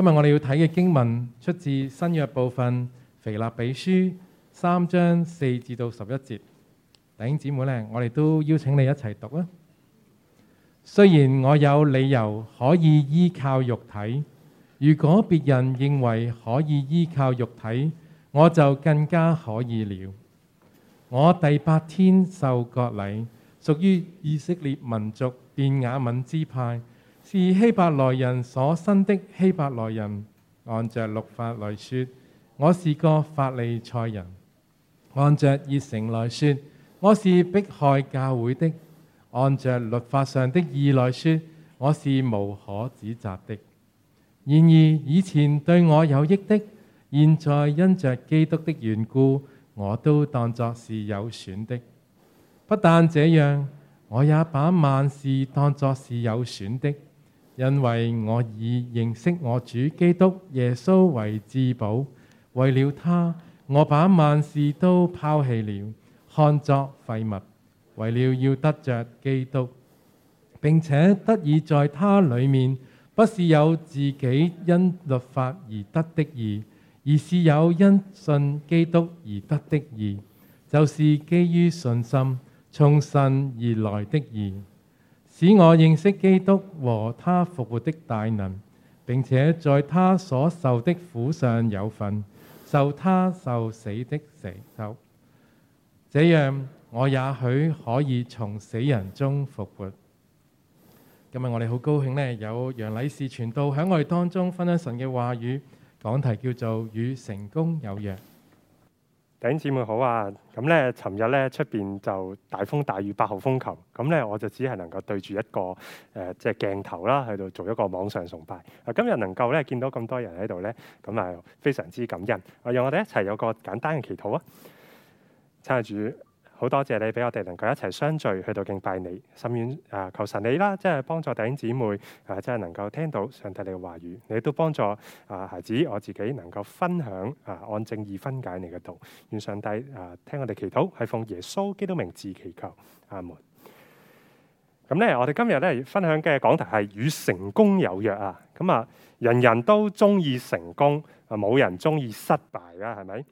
今日我哋要睇嘅經文出自新約部分《腓立比書》三章四至到十一節，弟兄姊妹咧，我哋都邀請你一齊讀啦。雖然我有理由可以依靠肉體，如果別人認為可以依靠肉體，我就更加可以了。我第八天受割禮，屬於以色列民族便雅憫支派。是希伯來人所生的希伯來人，按着律法來說，我是個法利賽人；按着熱誠來說，我是迫害教會的；按着律法上的義來說，我是無可指責的。然而以前對我有益的，現在因着基督的緣故，我都當作是有損的。不但這樣，我也把萬事當作是有損的。因為我以認識我主基督耶穌為至寶，為了他，我把萬事都拋棄了，看作廢物。為了要得着基督，並且得以在他裡面，不是有自己因律法而得的義，而是有因信基督而得的義，就是基於信心、從神而來的義。使我認識基督和他復活的大能，並且在他所受的苦上有份，受他受死的成就。這樣，我也許可以從死人中復活。今日我哋好高興呢，有楊禮士傳道喺我哋當中分享神嘅話語，講題叫做與成功有約。弟兄姊妹好啊！咁咧，尋日咧出面就大風大雨，八號風球。咁咧，我就只係能夠對住一個誒、呃、即係鏡頭啦，喺度做一個網上崇拜。啊，今日能夠咧見到咁多人喺度咧，咁啊非常之感恩。啊，讓我哋一齊有一個簡單嘅祈禱啊！阿主。好多謝你俾我哋能夠一齊相聚去到敬拜你，心願啊求神你啦，即係幫助弟兄姊妹啊，即係能夠聽到上帝你嘅話語，你都幫助啊孩子我自己能夠分享啊按正義分解你嘅道，願上帝啊聽我哋祈禱，係奉耶穌基督名字祈求阿門。咁咧，我哋今日咧分享嘅講題係與成功有約啊。咁啊，人人都中意成功啊，冇人中意失敗噶，係咪？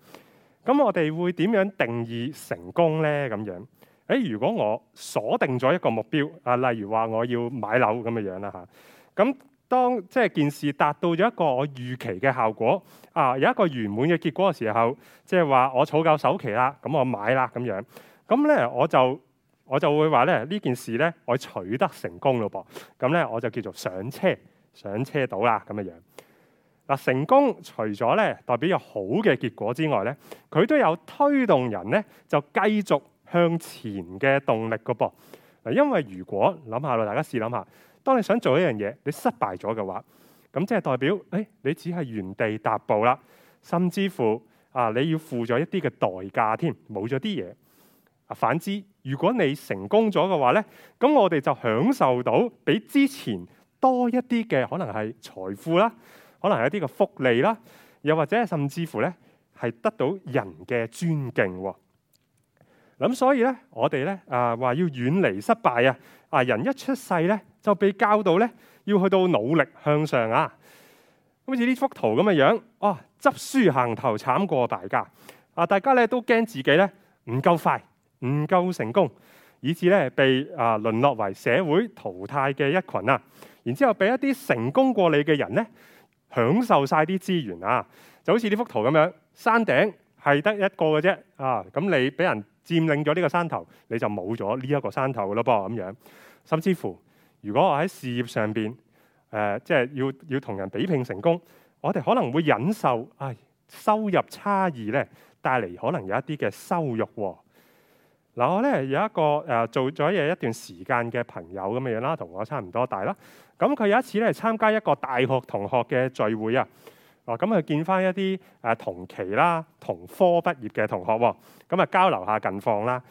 咁我哋會點樣定義成功咧？咁樣，誒，如果我鎖定咗一個目標，啊，例如話我要買樓咁嘅樣啦嚇，咁當即係件事達到咗一個我預期嘅效果，啊，有一個圓滿嘅結果嘅時候，即係話我儲夠首期啦，咁我買啦咁樣，咁咧我就我就會話咧呢件事咧我取得成功咯噃，咁咧我就叫做上車上車到啦咁嘅樣。嗱，成功除咗咧代表有好嘅結果之外咧，佢都有推動人咧就繼續向前嘅動力㗎噃。嗱，因為如果諗下啦，大家試諗下，當你想做一樣嘢，你失敗咗嘅話，咁即係代表誒、哎、你只係原地踏步啦，甚至乎啊你要付咗一啲嘅代價添，冇咗啲嘢啊。反之，如果你成功咗嘅話咧，咁我哋就享受到比之前多一啲嘅可能係財富啦。可能有啲嘅福利啦，又或者甚至乎呢係得到人嘅尊敬。咁所以呢，我哋呢啊話要遠離失敗啊。啊，人一出世呢，就被教導呢要去到努力向上這樣啊。好似呢幅圖咁嘅樣，哦，執輸行頭慘過敗家啊！大家呢都驚自己呢唔夠快，唔夠成功，以致呢被啊淪落為社會淘汰嘅一群啊。然之後俾一啲成功過你嘅人呢。享受晒啲資源啊！就好似呢幅圖咁樣，山頂係得一個嘅啫啊！咁你俾人佔領咗呢個山頭，你就冇咗呢一個山頭咯噃咁樣。甚至乎，如果我喺事業上邊，誒、呃，即係要要同人比拼成功，我哋可能會忍受誒收入差異咧，帶嚟可能有一啲嘅收入。嗱，我咧有一個誒做咗嘢一段時間嘅朋友咁嘅樣啦，同我差唔多大啦。咁佢有一次咧參加一個大學同學嘅聚會啊，哦，咁佢見翻一啲誒同期啦、同科畢業嘅同學喎，咁啊交流下近況啦。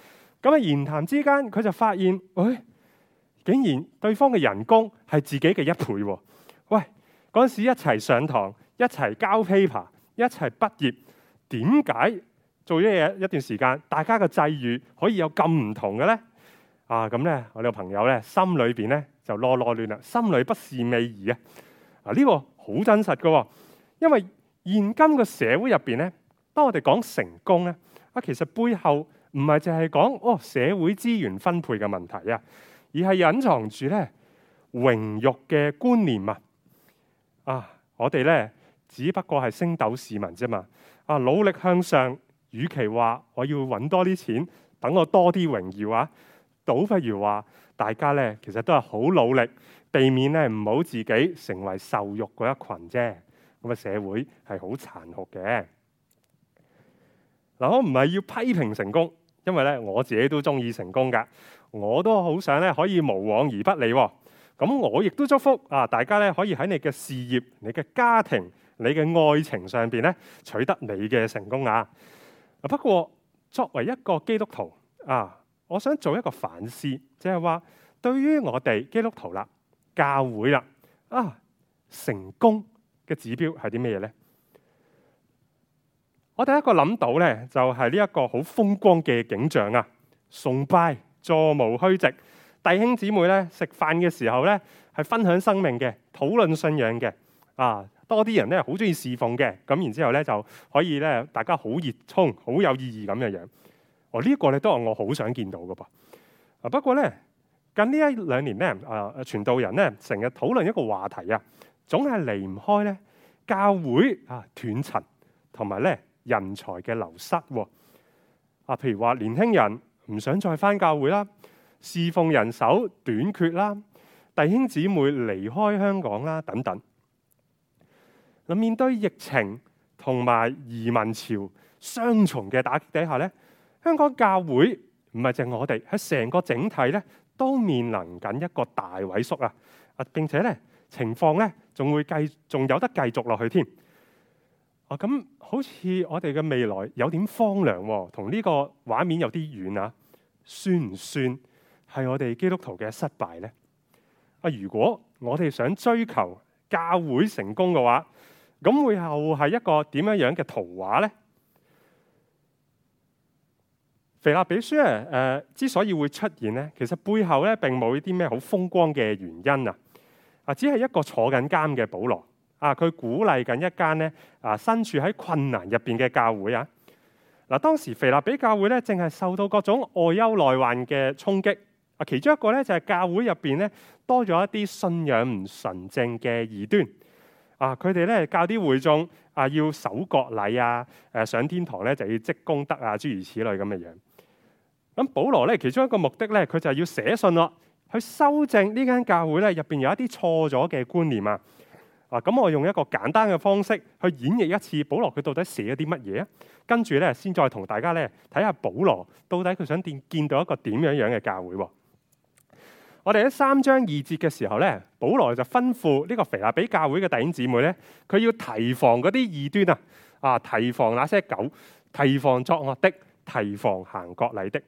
咁啊言談之間佢就發現，喂、哎，竟然對方嘅人工係自己嘅一倍喎。喂，嗰陣時一齊上堂、一齊交 paper、一齊畢業，點解？做咗嘢一段時間，大家嘅際遇可以有咁唔同嘅咧？啊，咁咧我哋個朋友咧心裏邊咧就囉囉亂啦，心裏不是味兒啊！啊，呢、這個好真實噶、哦，因為現今個社會入邊咧，當我哋講成功咧，啊，其實背後唔係淨係講哦社會資源分配嘅問題啊，而係隱藏住咧榮辱嘅觀念啊！啊，我哋咧只不過係星斗市民啫嘛，啊，努力向上。與其話我要揾多啲錢，等我多啲榮耀啊！倒不如話大家咧，其實都係好努力，避免咧唔好自己成為受辱嗰一群啫。咁嘅社會係好殘酷嘅嗱，我唔係要批評成功，因為咧我自己都鍾意成功㗎，我都好想咧可以無往而不利。咁我亦都祝福啊，大家咧可以喺你嘅事業、你嘅家庭、你嘅愛情上邊咧取得你嘅成功啊！不過作為一個基督徒啊，我想做一個反思，就係話對於我哋基督徒啦、教會啦啊，成功嘅指標係啲咩嘢咧？我第一個諗到咧，就係呢一個好風光嘅景象啊！崇拜座無虛席，弟兄姊妹咧食飯嘅時候咧，係分享生命嘅，討論信仰嘅啊！多啲人咧好中意侍奉嘅，咁然之後咧就可以咧，大家好熱衷、好有意義咁嘅樣。哦，呢一個咧都係我好想見到嘅噃。啊，不過咧近呢一兩年咧，啊傳道人咧成日討論一個話題啊，總係離唔開咧教會啊斷層同埋咧人才嘅流失喎。啊，譬如話年輕人唔想再返教會啦，侍奉人手短缺啦，弟兄姊妹離開香港啦，等等。面對疫情同埋移民潮雙重嘅打擊底下咧，香港教會唔係淨係我哋，喺成個整體咧都面臨緊一個大萎縮啊！啊，並且咧情況咧仲會繼仲有得繼續落去添。啊，咁好似我哋嘅未來有點荒涼喎，同呢個畫面有啲遠啊，算唔算係我哋基督徒嘅失敗呢？啊，如果我哋想追求教會成功嘅話，咁會又係一個點樣樣嘅圖畫呢？腓立比書誒、呃，之所以會出現咧，其實背後咧並冇啲咩好風光嘅原因啊！啊，只係一個坐緊監嘅保羅啊，佢鼓勵緊一間咧啊，身處喺困難入邊嘅教會啊。嗱、啊，當時腓立比教會咧，正係受到各種外憂內患嘅衝擊啊。其中一個咧就係、是、教會入邊咧多咗一啲信仰唔純正嘅異端。啊！佢哋咧教啲會眾啊，要守國禮啊，誒、啊、上天堂咧就要積功德啊，諸如此類咁嘅樣。咁、啊、保羅咧，其中一個目的咧，佢就係要寫信咯，去修正呢間教會咧入邊有一啲錯咗嘅觀念啊。啊！咁、啊、我用一個簡單嘅方式去演繹一次，保羅佢到底寫咗啲乜嘢啊？跟住咧，先再同大家咧睇下保羅到底佢想見見到一個點樣樣嘅教會喎、啊。我哋喺三章二節嘅時候咧，保羅就吩咐呢個腓立比教會嘅弟兄姊妹咧，佢要提防嗰啲異端啊，啊，提防那些狗，提防作惡的，提防行國禮的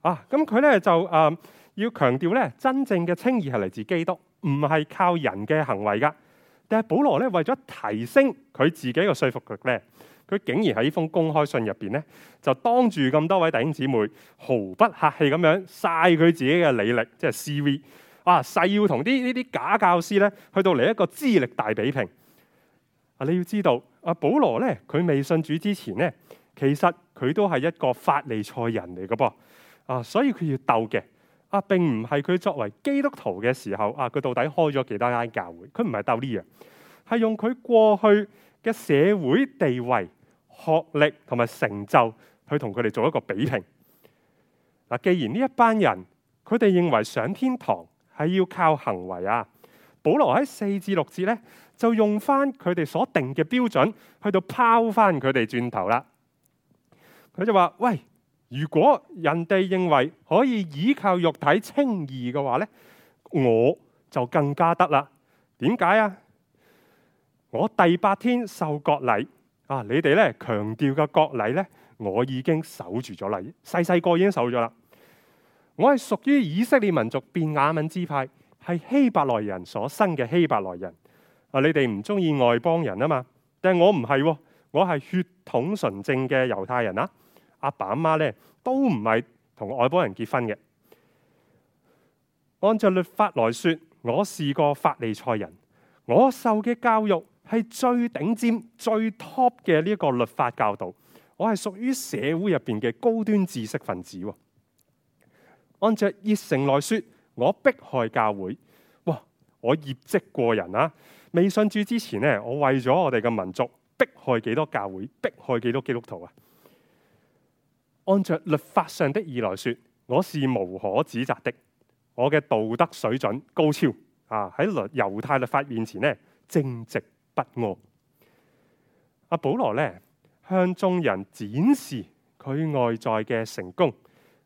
啊。咁佢咧就誒、啊、要強調咧，真正嘅稱義係嚟自基督，唔係靠人嘅行為噶。但係保羅咧為咗提升佢自己嘅說服力咧。佢竟然喺呢封公開信入邊咧，就當住咁多位弟兄姊妹毫不客氣咁樣晒佢自己嘅履歷，即係 CV，啊，誓要同啲呢啲假教師咧去到嚟一個資歷大比拼。啊，你要知道，阿保羅咧，佢未信主之前咧，其實佢都係一個法利賽人嚟嘅噃，啊，所以佢要鬥嘅，啊，並唔係佢作為基督徒嘅時候，啊，佢到底開咗幾多間教會，佢唔係鬥呢樣，係用佢過去嘅社會地位。學歷同埋成就去同佢哋做一個比拼。嗱，既然呢一班人佢哋認為上天堂係要靠行為，啊，保羅喺四至六節呢，就用翻佢哋所定嘅標準去到拋翻佢哋轉頭啦。佢就話：「喂，如果人哋認為可以倚靠肉體稱義嘅話呢，我就更加得啦。點解啊？我第八天受割禮。啊！你哋咧強調嘅割禮咧，我已經守住咗啦。細細個已經守咗啦。我係屬於以色列民族、便雅憫支派，係希伯來人所生嘅希伯來人。啊！你哋唔中意外邦人啊嘛，但係我唔係，我係血統純正嘅猶太人啦。阿爸阿媽咧都唔係同外邦人結婚嘅。按照律法來說，我係個法利賽人，我受嘅教育。係最頂尖、最 top 嘅呢一個律法教導，我係屬於社會入邊嘅高端知識分子、哦、按照熱誠來説，我迫害教會，哇！我業績過人啦、啊。未信主之前咧，我為咗我哋嘅民族迫害幾多教會，迫害幾多基督徒啊？按照律法上的義來説，我是無可指責的。我嘅道德水準高超啊！喺律猶太律法面前呢，正直。不惡，阿保羅咧向眾人展示佢外在嘅成功。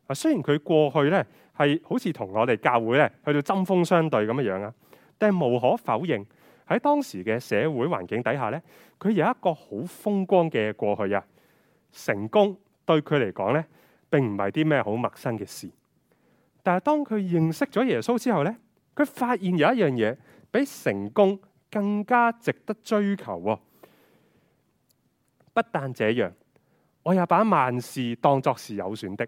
啊，雖然佢過去咧係好似同我哋教會咧去到針鋒相對咁樣樣啊，但係無可否認喺當時嘅社會環境底下咧，佢有一個好風光嘅過去啊。成功對佢嚟講咧，並唔係啲咩好陌生嘅事。但係當佢認識咗耶穌之後咧，佢發現有一樣嘢比成功。更加值得追求喎、啊！不但這樣，我也把萬事當作是有損的，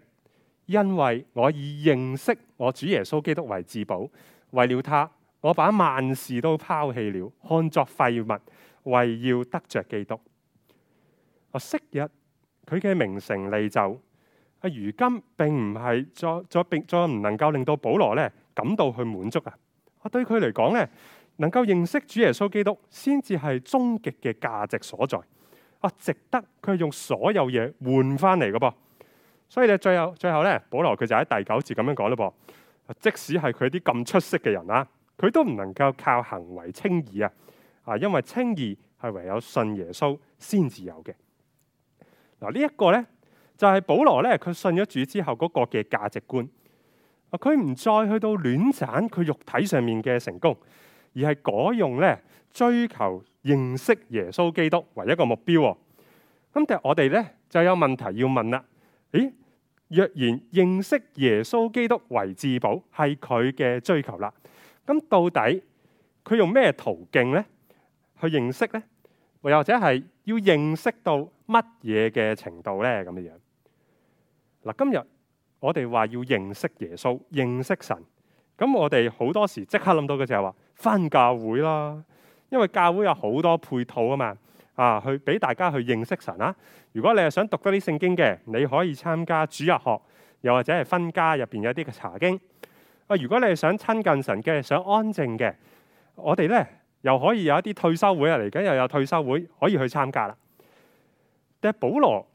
因為我以認識我主耶穌基督為至寶。為了他，我把萬事都拋棄了，看作廢物，為要得着基督。我昔日佢嘅名成利就，啊，如今並唔係再再並再唔能夠令到保羅呢感到去滿足啊！我對佢嚟講呢，能夠認識主耶穌基督，先至係終極嘅價值所在啊，值得佢用所有嘢換翻嚟嘅噃。所以咧最後最後咧，保羅佢就喺第九節咁樣講啦噃。即使係佢啲咁出色嘅人啦，佢都唔能夠靠行為稱義啊啊，因為稱義係唯有信耶穌先至有嘅嗱。這個、呢一個咧就係、是、保羅咧，佢信咗主之後嗰個嘅價值觀啊，佢唔再去到亂斬佢肉體上面嘅成功。而係果用咧，追求認識耶穌基督為一個目標，哦。咁但係我哋咧就有問題要問啦。誒，若然認識耶穌基督為至寶，係佢嘅追求啦。咁到底佢用咩途徑咧去認識咧？又或者係要認識到乜嘢嘅程度咧？咁嘅樣嗱，今日我哋話要認識耶穌、認識神。咁我哋好多時即刻諗到嘅就係話。分教會啦，因為教會有好多配套啊嘛。啊，去俾大家去認識神啊。如果你係想讀多啲聖經嘅，你可以參加主日學，又或者係分家入邊有啲嘅查經。啊，如果你係想親近神嘅，想安靜嘅，我哋咧又可以有一啲退修會啊，嚟緊又有退修會可以去參加啦。但係保羅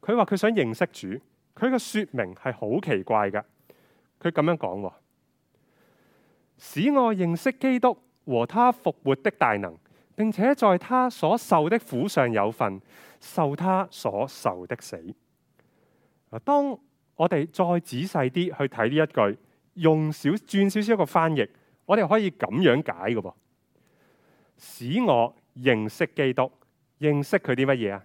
佢話佢想認識主，佢個說明係好奇怪㗎，佢咁樣講。使我認識基督和他復活的大能，並且在他所受的苦上有份，受他所受的死。當我哋再仔細啲去睇呢一句，用轉少少一個翻譯，我哋可以咁樣解嘅噃。使我認識基督，認識佢啲乜嘢啊？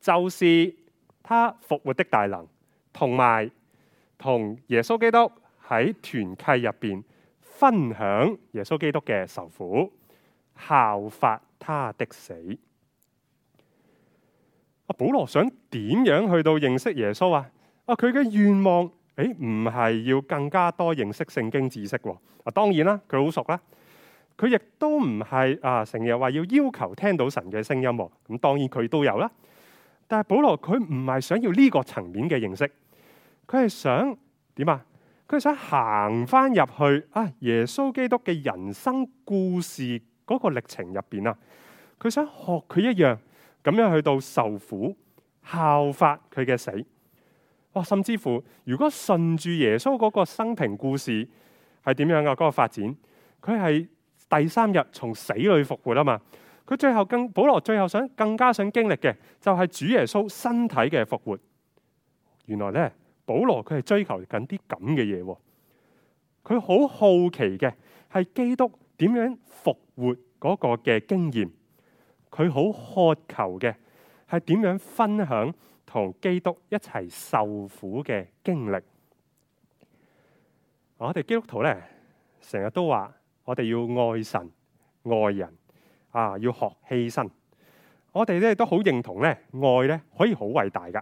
就是他復活的大能，同埋同耶穌基督喺團契入邊。分享耶穌基督嘅受苦，效法他的死。啊，保羅想點樣去到認識耶穌啊？啊，佢嘅願望，誒，唔係要更加多認識聖經知識。啊，當然啦，佢好熟啦。佢亦都唔係啊，成日話要要求聽到神嘅聲音。咁當然佢都有啦。但係保羅佢唔係想要呢個層面嘅認識，佢係想點啊？佢想行翻入去啊！耶穌基督嘅人生故事嗰個歷程入邊啊，佢想學佢一樣，咁樣去到受苦，效法佢嘅死。哇、哦！甚至乎，如果順住耶穌嗰個生平故事係點樣嘅嗰個發展是，佢係第三日從死裏復活啊嘛。佢最後更保羅最後更想更加想經歷嘅，就係主耶穌身體嘅復活。原來咧。保羅佢係追求緊啲咁嘅嘢，佢好好奇嘅係基督點樣復活嗰個嘅經驗，佢好渴求嘅係點樣分享同基督一齊受苦嘅經歷。我哋基督徒咧成日都話，我哋要愛神愛人啊，要學犧牲。我哋咧都好認同咧，愛咧可以好偉大㗎。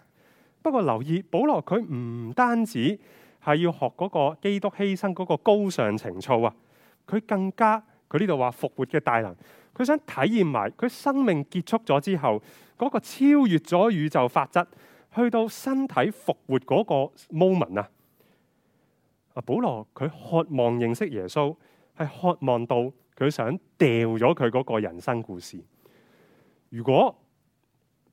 不過留意保羅佢唔單止係要學嗰個基督犧牲嗰個高尚情操啊，佢更加佢呢度話復活嘅大能，佢想體驗埋佢生命結束咗之後嗰個超越咗宇宙法則，去到身體復活嗰個 moment 啊！保羅佢渴望認識耶穌，係渴望到佢想掉咗佢嗰個人生故事。如果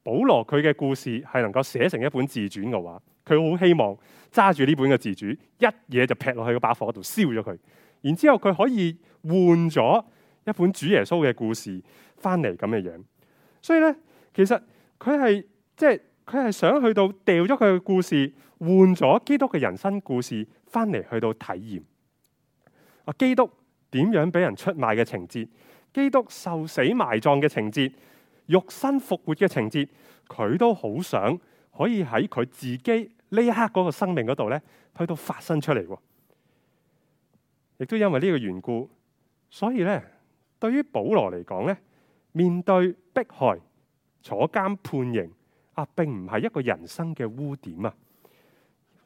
保羅佢嘅故事係能夠寫成一本自傳嘅話，佢好希望揸住呢本嘅自傳，一嘢就劈落去個把火度燒咗佢，然之後佢可以換咗一本主耶穌嘅故事翻嚟咁嘅樣。所以咧，其實佢係即係佢係想去到掉咗佢嘅故事，換咗基督嘅人生故事翻嚟去到體驗啊，基督點樣俾人出賣嘅情節，基督受死埋葬嘅情節。肉身復活嘅情節，佢都好想可以喺佢自己呢一刻嗰個生命嗰度咧，去到發生出嚟。亦都因為呢個緣故，所以咧，對於保羅嚟講咧，面對迫害、坐監、判刑啊，並唔係一個人生嘅污點啊，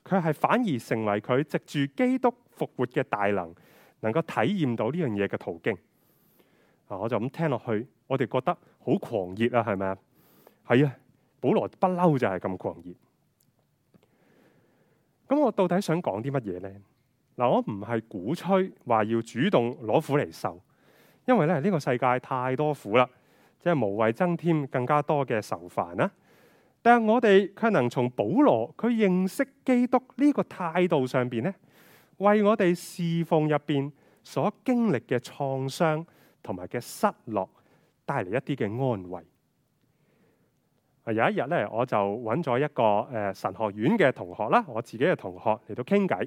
佢係反而成為佢藉住基督復活嘅大能，能夠體驗到呢樣嘢嘅途徑。啊，我就咁聽落去。我哋覺得好狂熱啊，係咪啊？係啊，保羅不嬲就係咁狂熱。咁我到底想講啲乜嘢呢？嗱，我唔係鼓吹話要主動攞苦嚟受，因為咧呢個世界太多苦啦，即係無謂增添更加多嘅愁煩啦。但係我哋卻能從保羅佢認識基督呢個態度上邊呢，為我哋侍奉入邊所經歷嘅創傷同埋嘅失落。帶嚟一啲嘅安慰。有一日咧，我就揾咗一個誒、呃、神學院嘅同學啦，我自己嘅同學嚟到傾偈。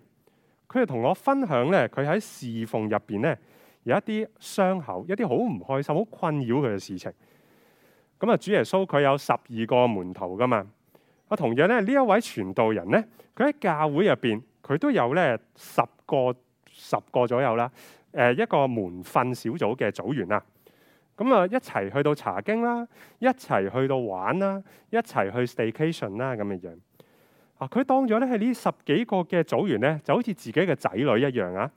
佢就同我分享咧，佢喺侍奉入邊咧有一啲傷口，一啲好唔開心、好困擾佢嘅事情。咁啊，主耶穌佢有十二個門徒㗎嘛？我同樣咧呢一位傳道人咧，佢喺教會入邊佢都有咧十個十個左右啦。誒、呃、一個門訓小組嘅組員啊。咁啊，一齊去到查經啦，一齊去到玩啦，一齊去 staycation 啦，咁嘅樣。啊，佢當咗咧係呢十幾個嘅組員咧，就好似自己嘅仔女一樣啊，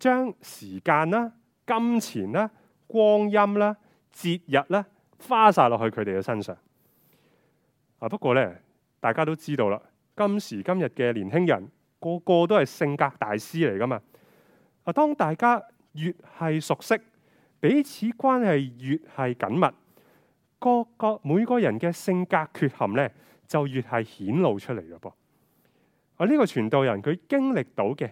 將時間啦、金錢啦、光陰啦、節日啦，花晒落去佢哋嘅身上。啊，不過咧，大家都知道啦，今時今日嘅年輕人個個都係性格大師嚟㗎嘛。啊，當大家越係熟悉，彼此關係越係緊密，各個每個人嘅性格缺陷咧就越係顯露出嚟咯噃。我，啊，呢個傳道人佢經歷到嘅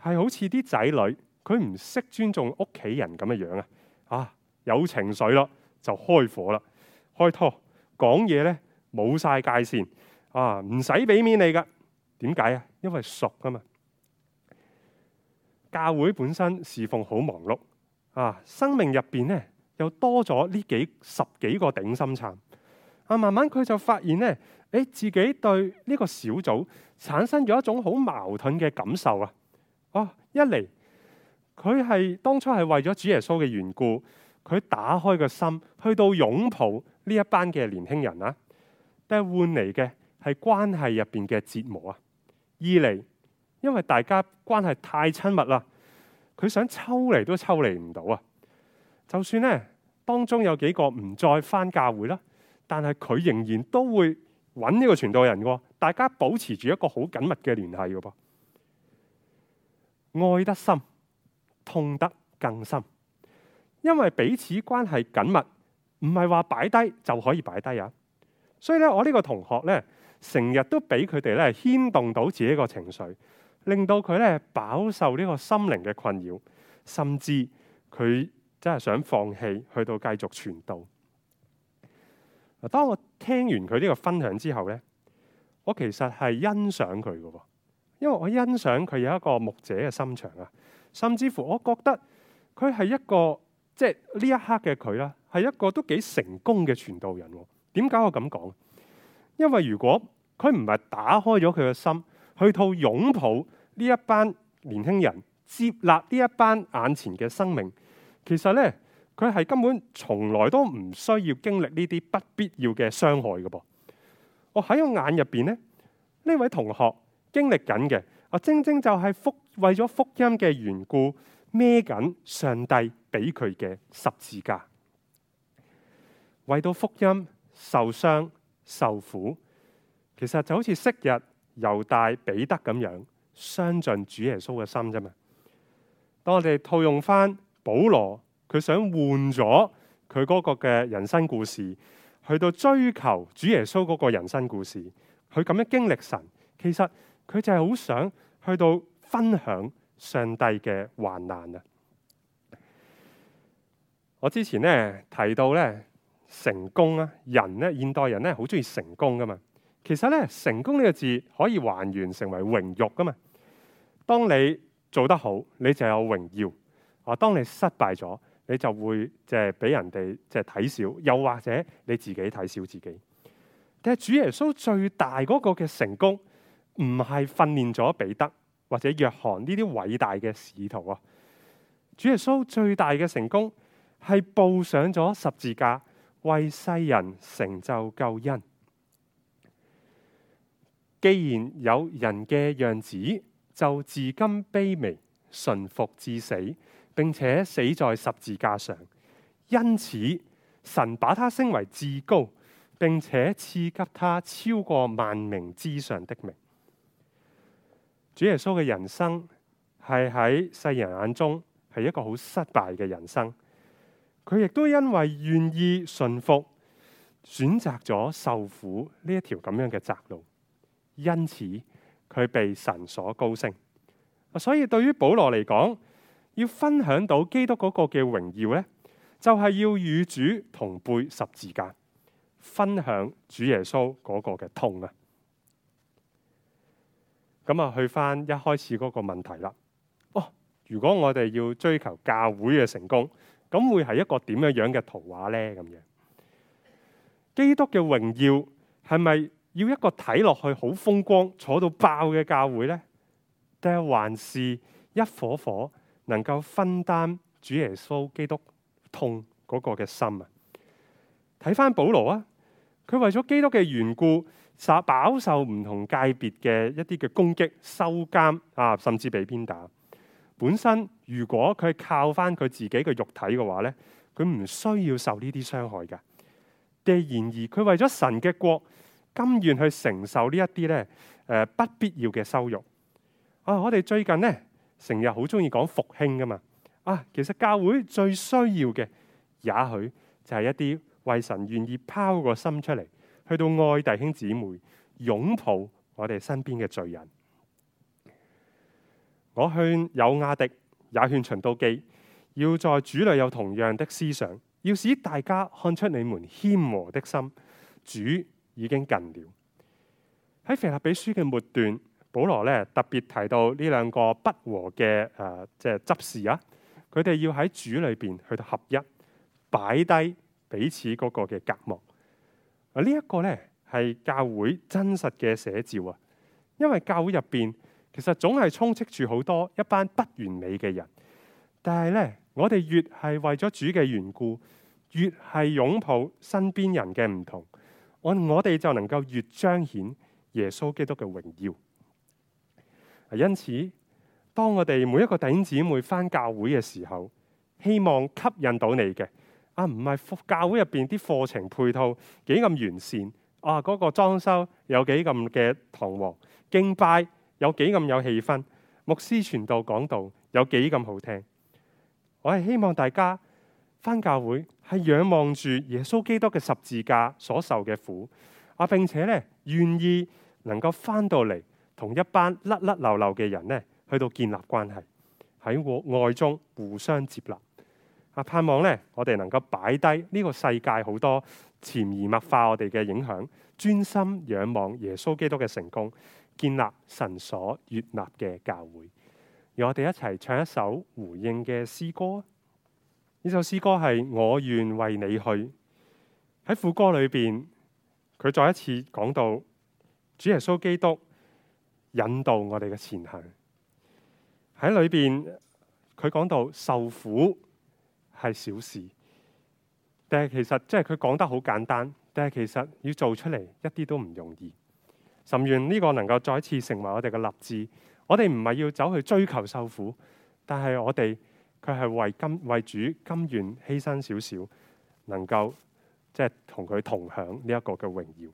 係好似啲仔女，佢唔識尊重屋企人咁嘅樣啊！啊，有情緒咯就開火啦，開拖講嘢咧冇晒界線啊！唔使俾面你噶，點解啊？因為熟啊嘛。教會本身侍奉好忙碌。啊！生命入邊咧，又多咗呢幾十幾個頂心杉。啊，慢慢佢就發現咧，誒、哎，自己對呢個小組產生咗一種好矛盾嘅感受啊！哦、啊，一嚟佢係當初係為咗主耶穌嘅緣故，佢打開個心去到擁抱呢一班嘅年輕人啊，但係換嚟嘅係關係入邊嘅折磨啊！二嚟，因為大家關係太親密啦。佢想抽離都抽離唔到啊！就算咧，當中有幾個唔再返教會啦，但係佢仍然都會搵呢個傳道人喎。大家保持住一個好緊密嘅聯繫嘅噃，愛得深，痛得更深，因為彼此關係緊密，唔係話擺低就可以擺低啊！所以咧，我呢個同學咧，成日都俾佢哋咧牽動到自己個情緒。令到佢咧飽受呢個心靈嘅困擾，甚至佢真係想放棄，去到繼續傳道。當我聽完佢呢個分享之後咧，我其實係欣賞佢嘅，因為我欣賞佢有一個牧者嘅心腸啊，甚至乎我覺得佢係一個即係呢一刻嘅佢啦，係一個都幾成功嘅傳道人。點解我咁講？因為如果佢唔係打開咗佢嘅心，去套擁抱。呢一班年輕人接納呢一班眼前嘅生命，其實呢，佢係根本從來都唔需要經歷呢啲不必要嘅傷害嘅。噉，我喺我眼入邊呢，呢位同學經歷緊嘅啊，正正就係福為咗福音嘅緣故，孭緊上帝俾佢嘅十字架，為到福音受傷受苦，其實就好似昔日猶大彼得咁樣。相信主耶穌嘅心啫嘛。當我哋套用翻保羅，佢想換咗佢嗰個嘅人生故事，去到追求主耶穌嗰個人生故事，佢咁樣經歷神，其實佢就係好想去到分享上帝嘅患難啊！我之前咧提到咧成功啊，人咧現代人咧好中意成功噶嘛，其實咧成功呢個字可以還原成為榮辱噶嘛。當你做得好，你就有榮耀；啊，當你失敗咗，你就會即係俾人哋即係睇小，又或者你自己睇小自己。但係主耶穌最大嗰個嘅成功，唔係訓練咗彼得或者約翰呢啲偉大嘅使徒啊！主耶穌最大嘅成功係步上咗十字架，為世人成就救恩。既然有人嘅樣子。就自己卑微順服至死，並且死在十字架上。因此，神把他升為至高，並且賜給他超過萬名之上的名。主耶穌嘅人生係喺世人眼中係一個好失敗嘅人生。佢亦都因為願意順服，選擇咗受苦呢一條咁樣嘅窄路，因此，佢被神所高升，所以對於保羅嚟講，要分享到基督嗰個嘅榮耀呢就係，要與主同背十字架，分享主耶穌嗰個嘅痛啊！咁啊，去翻一開始嗰個問題啦。哦，如果我哋要追求教會嘅成功，咁會係一個點樣樣嘅圖畫呢？咁樣基督嘅榮耀係咪？要一個睇落去好風光，坐到爆嘅教會呢，定係還是一顆顆能夠分擔主耶穌基督痛嗰個嘅心啊。睇翻保羅啊，佢為咗基督嘅緣故，受飽受唔同界別嘅一啲嘅攻擊、收監啊，甚至被鞭打。本身如果佢係靠翻佢自己嘅肉體嘅話呢，佢唔需要受呢啲傷害噶。但然而佢為咗神嘅國，甘願去承受呢一啲咧，誒，不必要嘅羞辱啊！我哋最近呢，成日好中意講復興噶嘛啊！其實教會最需要嘅，也許就係一啲為神願意拋個心出嚟，去到愛弟兄姊妹，擁抱我哋身邊嘅罪人。我勸友阿爹，也勸循都基，要在主裏有同樣的思想，要使大家看出你們謙和的心，主，已經近了。喺腓立比書嘅末段，保羅咧特別提到呢兩個不和嘅，誒、呃，即係執事啊，佢哋要喺主裏邊去到合一，擺低彼此嗰個嘅隔膜啊。呢、這、一個呢，係教會真實嘅寫照啊，因為教會入邊其實總係充斥住好多一班不完美嘅人，但係呢，我哋越係為咗主嘅緣故，越係擁抱身邊人嘅唔同。我我哋就能夠越彰顯耶穌基督嘅榮耀。因此，當我哋每一個弟兄姊妹返教會嘅時候，希望吸引到你嘅啊，唔係教會入邊啲課程配套幾咁完善啊，嗰個裝修有幾咁嘅堂皇，敬拜有幾咁有氣氛，牧師傳道講道有幾咁好聽。我係希望大家。返教會係仰望住耶穌基督嘅十字架所受嘅苦啊，並且咧願意能夠返到嚟同一班甩甩流流嘅人咧，去到建立關係喺我愛中互相接納啊，盼望咧我哋能夠擺低呢個世界好多潛移默化我哋嘅影響，專心仰望耶穌基督嘅成功，建立神所悅納嘅教會。我哋一齊唱一首回應嘅詩歌。呢首詩歌係我願為你去，喺副歌裏邊，佢再一次講到主耶穌基督引導我哋嘅前行在面。喺裏邊佢講到受苦係小事，但係其實即係佢講得好簡單，但係其實要做出嚟，一啲都唔容易。甚願呢個能夠再一次成為我哋嘅立志，我哋唔係要走去追求受苦，但係我哋。佢係為金為主甘願犧牲少少，能夠即係同佢同享呢一個嘅榮耀。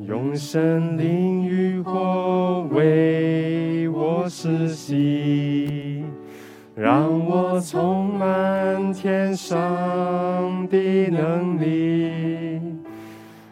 用神靈與火為我施洗，讓我充滿天上的能力。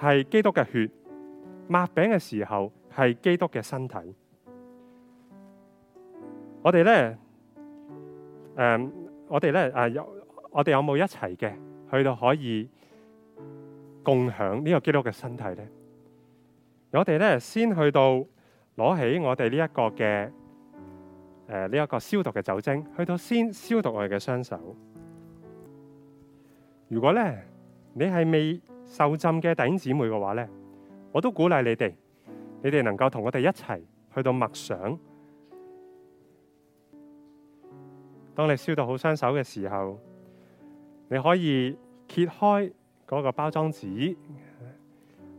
係基督嘅血，擘餅嘅時候係基督嘅身體。我哋咧，誒、嗯，我哋咧誒，啊、我有我哋有冇一齊嘅去到可以共享呢個基督嘅身體咧？我哋咧先去到攞起我哋呢一個嘅，誒呢一個消毒嘅酒精，去到先消毒我哋嘅雙手。如果咧你係未，受浸嘅弟兄姊妹嘅話呢，我都鼓勵你哋，你哋能夠同我哋一齊去到默想。當你燒到好傷手嘅時候，你可以揭開嗰個包裝紙，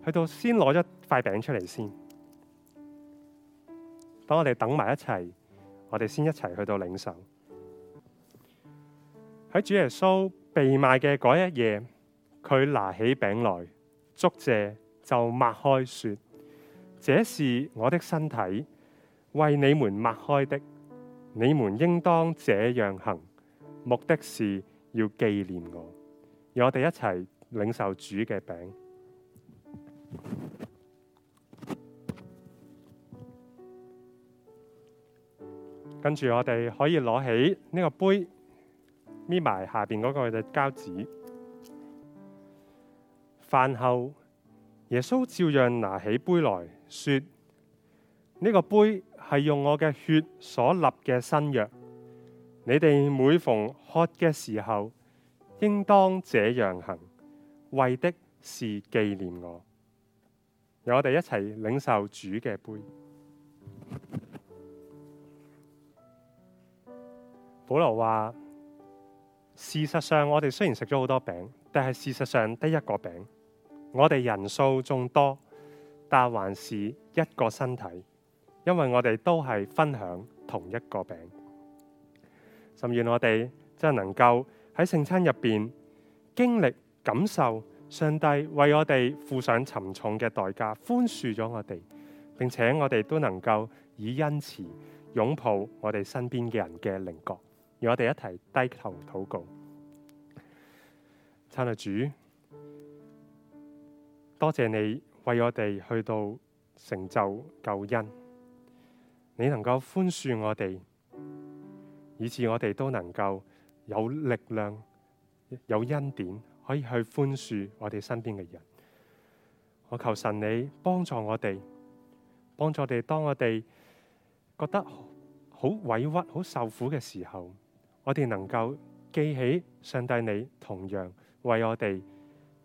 去到先攞咗塊餅出嚟先。當我哋等埋一齊，我哋先一齊去到領受。喺主耶穌被賣嘅嗰一夜。佢拿起餅來，祝謝就擘開說：這是我的身體，為你們擘開的，你們應當這樣行，目的是要紀念我。要我哋一齊領受主嘅餅。跟住我哋可以攞起呢個杯，搣埋下邊嗰個嘅膠紙。飯後，耶穌照樣拿起杯來說：呢、這個杯係用我嘅血所立嘅新約，你哋每逢喝嘅時候，應當這樣行，為的是紀念我。由我哋一齊領受主嘅杯。保羅話：事實上，我哋雖然食咗好多餅，但係事實上得一個餅。我哋人數眾多，但還是一個身體，因為我哋都係分享同一個餅。甚願我哋真係能夠喺聖餐入邊經歷感受，上帝為我哋付上沉重嘅代價，寬恕咗我哋，並且我哋都能夠以恩慈擁抱我哋身邊嘅人嘅靈覺。讓我哋一齊低頭禱告，親愛的主。多謝你為我哋去到成就救恩，你能夠寬恕我哋，以致我哋都能夠有力量、有恩典，可以去寬恕我哋身邊嘅人。我求神你幫助我哋，幫助我哋。當我哋覺得好委屈、好受苦嘅時候，我哋能夠記起上帝你同樣為我哋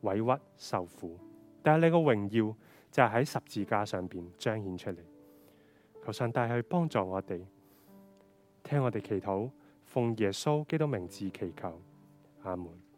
委屈受苦。但係你個榮耀就係喺十字架上邊彰顯出嚟，求上帝去幫助我哋，聽我哋祈禱，奉耶穌基督名字祈求，阿門。